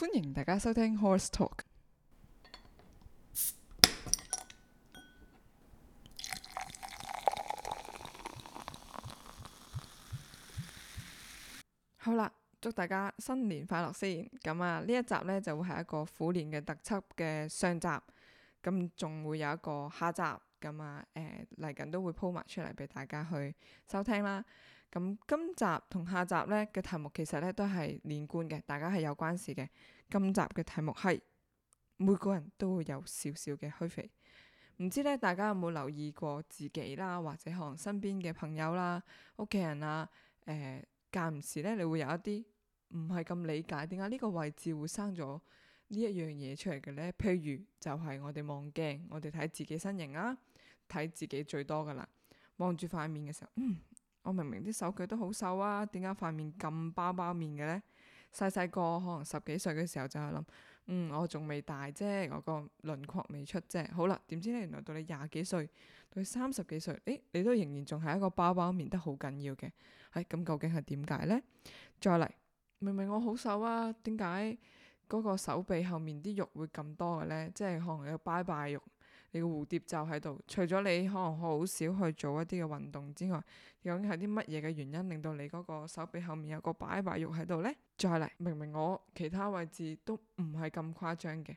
歡迎大家收聽《Horis Talk》。好啦，祝大家新年快樂先。咁啊，呢一集呢就會係一個虎年嘅特輯嘅上集，咁仲會有一個下集。咁啊，誒嚟緊都會鋪埋出嚟俾大家去收聽啦。咁今集同下集呢嘅題目其實呢都係連貫嘅，大家係有關事嘅。今集嘅題目係每個人都會有少少嘅虛肥，唔知呢大家有冇留意過自己啦，或者可能身邊嘅朋友啦、屋企人啊，誒間唔時呢，你會有一啲唔係咁理解點解呢個位置會生咗？呢一樣嘢出嚟嘅呢，譬如就係我哋望鏡，我哋睇自己身形啊，睇自己最多㗎喇。望住塊面嘅時候，嗯，我明明啲手腳都好瘦啊，點解塊面咁包包面嘅呢？細細個可能十幾歲嘅時候就係諗，嗯，我仲未大啫，我個輪廓未出啫。好啦，點知呢？原來到你廿幾歲，到你三十幾歲，誒，你都仍然仲係一個包包面得好緊要嘅。係咁，究竟係點解呢？再嚟，明明我好瘦啊，點解？嗰個手臂後面啲肉會咁多嘅咧，即係可能有拜拜肉，你個蝴蝶袖喺度。除咗你可能好少去做一啲嘅運動之外，究竟係啲乜嘢嘅原因令到你嗰個手臂後面有個拜拜肉喺度咧？再嚟，明明我其他位置都唔係咁誇張嘅，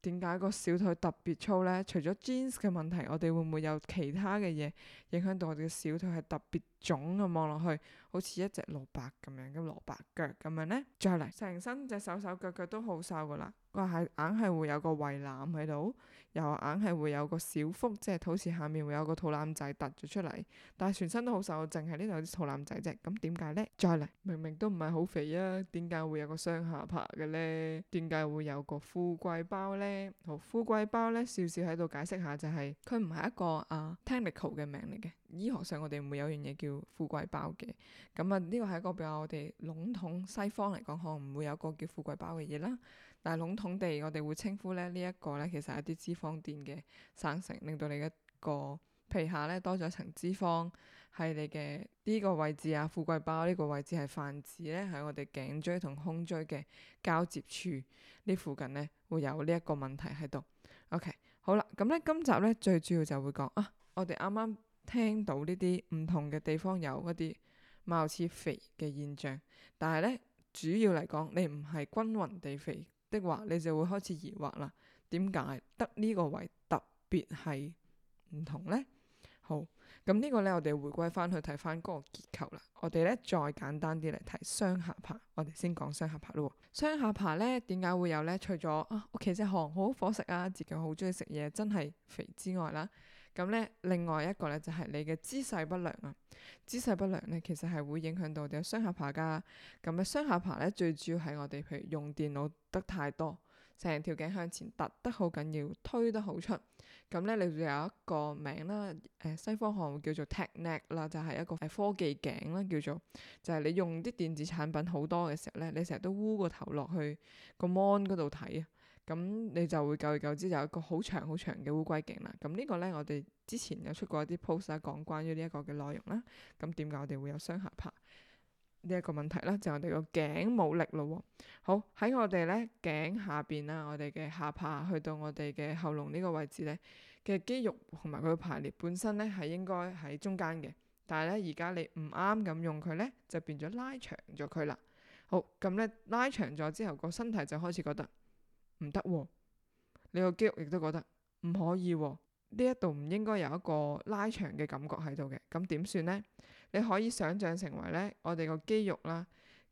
點解個小腿特別粗咧？除咗 genes 嘅問題，我哋會唔會有其他嘅嘢影響到我哋嘅小腿係特別？腫，咁望落去，好似一隻蘿蔔咁樣嘅蘿蔔腳咁樣咧，再嚟成身只手手腳腳都好瘦噶啦佢係硬係會有個胃腩喺度，又硬係會有個小腹，即係肚臍下面會有個肚腩仔凸咗出嚟，但係全身都好瘦，淨係呢度有啲肚腩仔啫。咁點解咧？再嚟明明都唔係好肥啊，點解會有個雙下巴嘅咧？點解會有個富貴包咧？好，富貴包咧，少少喺度解釋下、就是，就係佢唔係一個啊、uh, technical 嘅名嚟嘅。醫學上，我哋唔會有樣嘢叫富貴包嘅。咁啊，呢個係一個比較我哋籠統西方嚟講，可能唔會有個叫富貴包嘅嘢啦。但係籠統地，我哋會稱呼咧呢一個咧，其實係一啲脂肪墊嘅生成，令到你嘅個皮下咧多咗層脂肪，喺你嘅呢個位置啊，富貴包呢個位置係泛指咧喺我哋頸椎同胸椎嘅交接處呢附近咧，會有呢一個問題喺度。OK，好啦，咁咧今集咧最主要就會講啊，我哋啱啱。聽到呢啲唔同嘅地方有一啲貌似肥嘅現象，但係咧主要嚟講，你唔係均勻地肥的話，你就會開始疑惑啦。點解得呢個位特別係唔同咧？好，咁呢個咧我哋回歸翻去睇翻嗰個結構啦。我哋咧再簡單啲嚟睇雙下巴。我哋先講雙下巴咯。雙下巴咧點解會有咧？除咗啊屋企隻熊好伙食啊，自己好中意食嘢真係肥之外啦。咁呢，另外一個呢就係你嘅姿勢不良啊！姿勢不良呢，其實係會影響到你嘅雙下巴㗎。咁呢，雙下巴呢，最主要係我哋譬如用電腦得太多，成條頸向前突得好緊要，推得好出。咁呢，你會有一個名啦，誒西方學會叫做 tech neck 啦，就係一個係科技頸啦，叫做就係你用啲電子產品好多嘅時候呢，你成日都烏個頭落去個 mon 嗰度睇啊！咁你就會久而久之就有一個好長好長嘅烏龜頸啦。咁呢個咧，我哋之前有出過一啲 post 啊，講關於呢一個嘅內容啦。咁點解我哋會有雙下巴呢一，這個問題啦，就是，我哋個頸冇力咯喎。好喺我哋咧頸下邊啦，我哋嘅下巴去到我哋嘅喉嚨呢個位置咧嘅肌肉同埋佢嘅排列本身咧係應該喺中間嘅，但係咧而家你唔啱咁用佢咧，就變咗拉長咗佢啦。好咁咧拉長咗之後，個身體就開始覺得。唔得喎，你個肌肉亦都覺得唔可以喎、啊，呢一度唔應該有一個拉長嘅感覺喺度嘅，咁點算呢？你可以想像成為呢，我哋個肌肉啦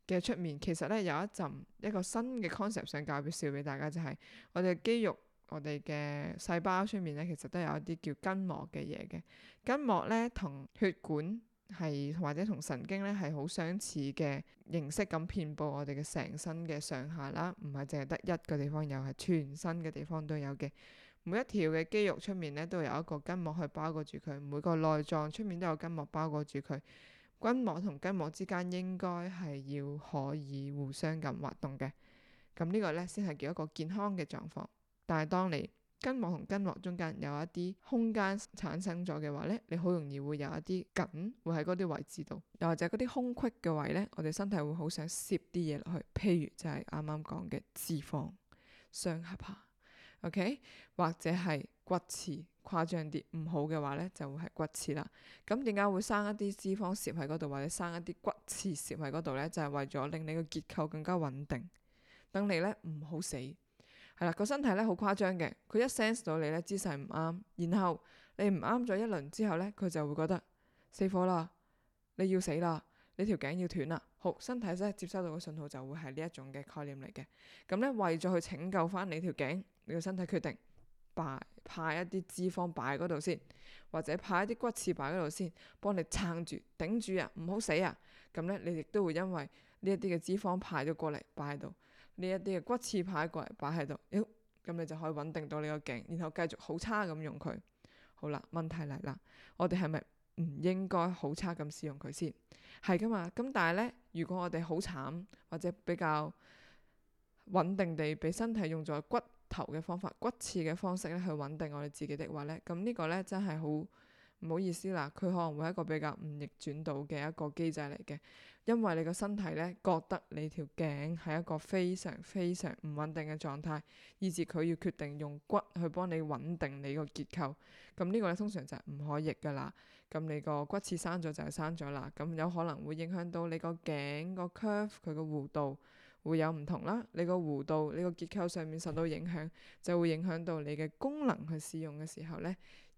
嘅出面，其實呢有一陣一個新嘅 concept 想介紹俾大家，就係、是、我哋肌肉、我哋嘅細胞出面呢，其實都有一啲叫筋膜嘅嘢嘅，筋膜呢同血管。係或者同神經呢係好相似嘅形式咁遍佈我哋嘅成身嘅上下啦，唔係淨係得一個地方有，係全身嘅地方都有嘅。每一條嘅肌肉出面呢，都有一個筋膜去包裹住佢，每個內臟出面都有筋膜包裹住佢。筋膜同筋膜之間應該係要可以互相咁滑動嘅，咁呢個呢，先係叫一個健康嘅狀況。但係當你筋膜同筋膜中間有一啲空間產生咗嘅話呢，你好容易會有一啲緊，會喺嗰啲位置度，又或者嗰啲空隙嘅位呢，我哋身體會好想攝啲嘢落去，譬如就係啱啱講嘅脂肪、雙下巴，OK，或者係骨刺，誇張啲，唔好嘅話呢就會係骨刺啦。咁點解會生一啲脂肪攝喺嗰度，或者生一啲骨刺攝喺嗰度呢？就係為咗令你嘅結構更加穩定，等你呢唔好死。係啦，個身體呢好誇張嘅，佢一 sense 到你呢姿勢唔啱，然後你唔啱咗一輪之後呢，佢就會覺得死火啦，你要死啦，你條頸要斷啦。好，身體呢接收到個信號就會係呢一種嘅概念嚟嘅。咁呢，為咗去拯救翻你條頸，你個身體決定擺派一啲脂肪擺喺嗰度先，或者派一啲骨刺擺喺度先，幫你撐住、頂住啊，唔好死啊。咁呢，你亦都會因為呢一啲嘅脂肪派咗過嚟擺喺度。呢一啲嘅骨刺排過嚟擺喺度，喲，咁你就可以穩定到你個頸，然後繼續好差咁用佢。好啦，問題嚟啦，我哋係咪唔應該好差咁使用佢先？係噶嘛，咁但係呢，如果我哋好慘或者比較穩定地俾身體用在骨頭嘅方法，骨刺嘅方式去穩定我哋自己的話呢，咁呢個呢，真係好。唔好意思啦，佢可能會係一個比較唔逆轉到嘅一個機制嚟嘅，因為你個身體呢，覺得你條頸係一個非常非常唔穩定嘅狀態，以至佢要決定用骨去幫你穩定你個結構。咁呢個呢，通常就係唔可逆噶啦。咁你個骨刺生咗就係生咗啦。咁有可能會影響到你個頸個 curve 佢個弧度會有唔同啦。你個弧度、你個結構上面受到影響，就會影響到你嘅功能去使用嘅時候呢。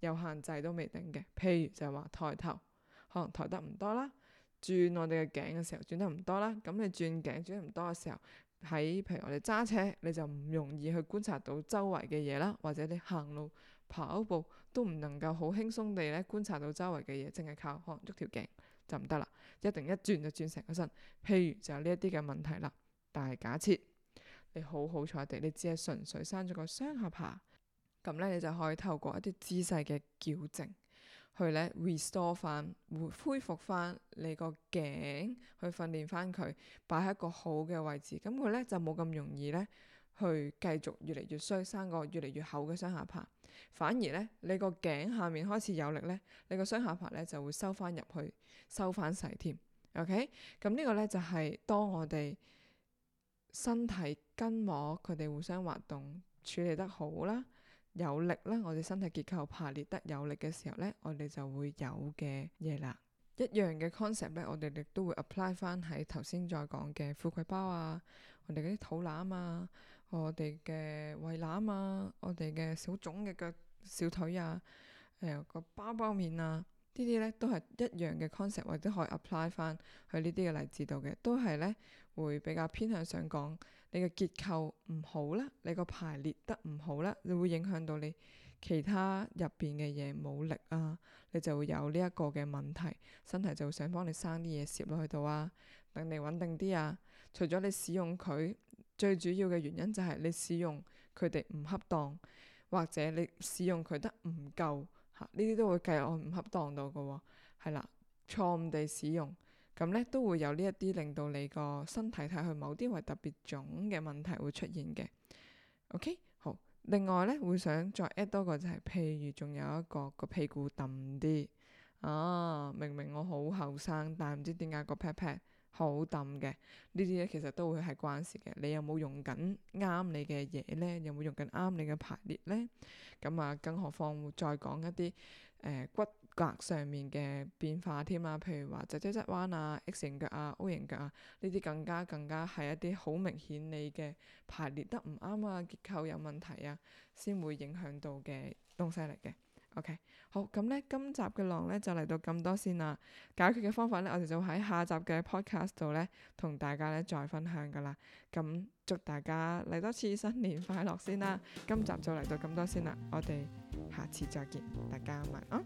有限制都未定嘅，譬如就係話抬頭，可能抬得唔多啦；轉我哋嘅頸嘅時候轉得唔多啦。咁你轉頸轉得唔多嘅時候，喺譬如我哋揸車，你就唔容易去觀察到周圍嘅嘢啦；或者你行路、跑步都唔能夠好輕鬆地咧觀察到周圍嘅嘢，淨係靠可能喐條頸就唔得啦。一定一轉就轉成個身。譬如就係呢一啲嘅問題啦。但係假設你好好彩地，你只係純粹生咗個雙下巴。咁咧，你就可以透過一啲姿勢嘅矯正，去咧 restore 翻，恢復翻你個頸，去訓練翻佢，擺喺一個好嘅位置。咁佢咧就冇咁容易咧，去繼續越嚟越衰，生個越嚟越厚嘅雙下巴。反而咧，你個頸下面開始有力咧，你個雙下巴咧就會收翻入去，收翻細添。OK，咁呢個咧就係當我哋身體筋膜佢哋互相滑動處理得好啦。有力啦，我哋身體結構排列得有力嘅時候咧，我哋就會有嘅嘢啦。一樣嘅 concept 咧，我哋亦都會 apply 翻喺頭先再講嘅富貴包啊，我哋嗰啲肚腩啊，我哋嘅胃腩啊，我哋嘅小腫嘅腳小腿啊，誒個包包面啊。呢啲呢都係一樣嘅 concept，或者可以 apply 翻去呢啲嘅例子度嘅，都係呢會比較偏向想講你嘅結構唔好啦，你個排列得唔好啦，你會影響到你其他入邊嘅嘢冇力啊，你就會有呢一個嘅問題，身體就會想幫你生啲嘢攝落去度啊，等你穩定啲啊。除咗你使用佢，最主要嘅原因就係你使用佢哋唔恰當，或者你使用佢得唔夠。吓，呢啲都會計按唔恰當度㗎喎。哦，係啦，錯誤地使用，咁咧都會有呢一啲令到你個身體睇去某啲位特別腫嘅問題會出現嘅。OK，好，另外咧會想再 add 多個就係、是，譬如仲有一個、個屁股揼啲，啊，明明我好後生，但唔知點解個 pat pat。好抌嘅呢啲咧，其實都會係關事嘅。你有冇用緊啱你嘅嘢咧？有冇用緊啱你嘅排列咧？咁啊，更何況會再講一啲誒、呃、骨骼上面嘅變化添啊，譬如話脊椎側彎啊、X 型腳啊、O 型腳啊，呢啲更加更加係一啲好明顯你嘅排列得唔啱啊、結構有問題啊，先會影響到嘅東西嚟嘅。OK，好，咁咧今集嘅浪咧就嚟到咁多先啦。解決嘅方法咧，我哋就喺下集嘅 podcast 度咧同大家咧再分享噶啦。咁祝大家嚟多次新年快樂先啦。今集就嚟到咁多先啦，我哋下次再見，大家晚安。